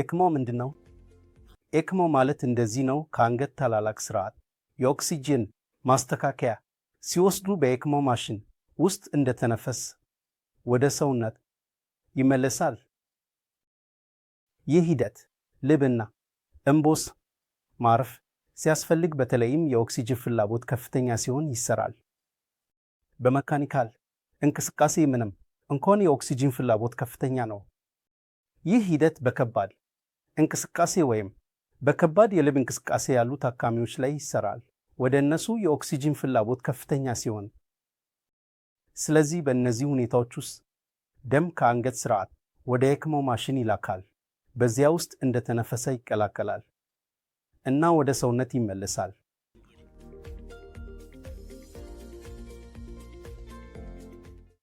ኤክሞ ምንድን ነው? ኤክሞ ማለት እንደዚህ ነው። ከአንገት ተላላቅ ስርዓት የኦክሲጅን ማስተካከያ ሲወስዱ በኤክሞ ማሽን ውስጥ እንደተነፈስ ወደ ሰውነት ይመለሳል። ይህ ሂደት ልብና እምቦስ ማረፍ ሲያስፈልግ በተለይም የኦክሲጅን ፍላጎት ከፍተኛ ሲሆን ይሰራል። በመካኒካል እንቅስቃሴ ምንም እንኳን የኦክሲጅን ፍላጎት ከፍተኛ ነው፣ ይህ ሂደት በከባድ እንቅስቃሴ ወይም በከባድ የልብ እንቅስቃሴ ያሉ ታካሚዎች ላይ ይሰራል። ወደ እነሱ የኦክሲጂን ፍላጎት ከፍተኛ ሲሆን፣ ስለዚህ በእነዚህ ሁኔታዎች ውስጥ ደም ከአንገት ስርዓት ወደ ኤክሞ ማሽን ይላካል። በዚያ ውስጥ እንደተነፈሰ ይቀላቀላል እና ወደ ሰውነት ይመለሳል።